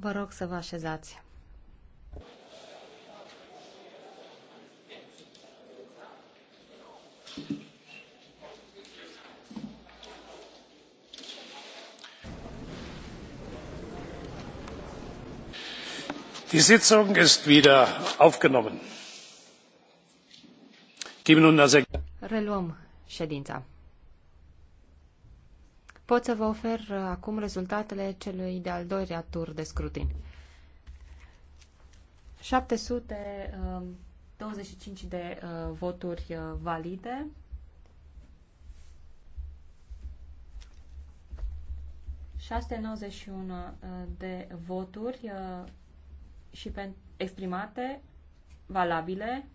Vă rog să vă așezați. Die Sitzung ist wieder aufgenommen. Reluăm ședința. Pot să vă ofer uh, acum rezultatele celui de-al doilea tur de scrutin. 725 uh, uh, de voturi valide. ...691 de voturi și exprimate, valabile,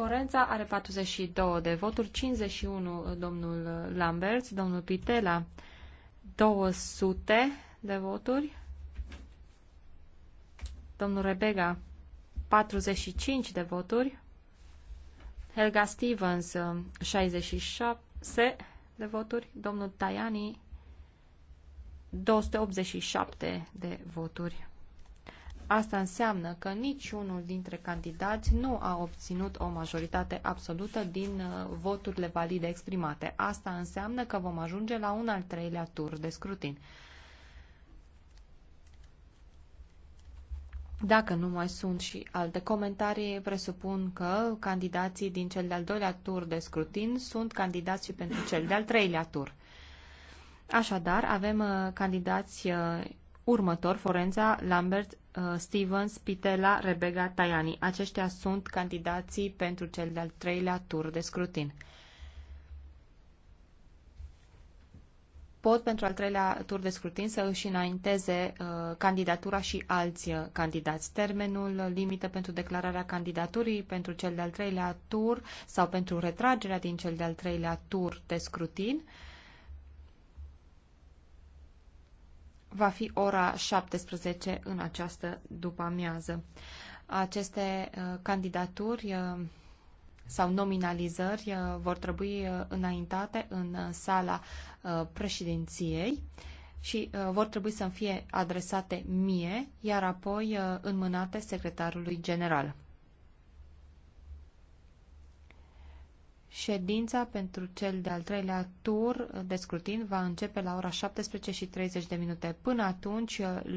Forența are 42 de voturi, 51 domnul Lamberts, domnul Pitela 200 de voturi, domnul Rebega 45 de voturi, Helga Stevens 67 de voturi, domnul Tajani 287 de voturi. Asta înseamnă că niciunul dintre candidați nu a obținut o majoritate absolută din uh, voturile valide exprimate. Asta înseamnă că vom ajunge la un al treilea tur de scrutin. Dacă nu mai sunt și alte comentarii, presupun că candidații din cel de-al doilea tur de scrutin sunt candidați și pentru cel de-al treilea tur. Așadar, avem uh, candidați uh, următor, Forenza, Lambert, uh, Stevens, Pitela, Rebecca, Tajani. Aceștia sunt candidații pentru cel de-al treilea tur de scrutin. Pot pentru al treilea tur de scrutin să își înainteze uh, candidatura și alți uh, candidați. Termenul limită pentru declararea candidaturii pentru cel de-al treilea tur sau pentru retragerea din cel de-al treilea tur de scrutin uh, va fi ora 17 în această după-amiază. Aceste uh, candidaturi uh, sau nominalizări uh, vor trebui înaintate în sala președinției și vor trebui să fie adresate mie, iar apoi înmânate secretarului general. Ședința pentru cel de-al treilea tur de scrutin va începe la ora 17 și 30 de minute. Până atunci,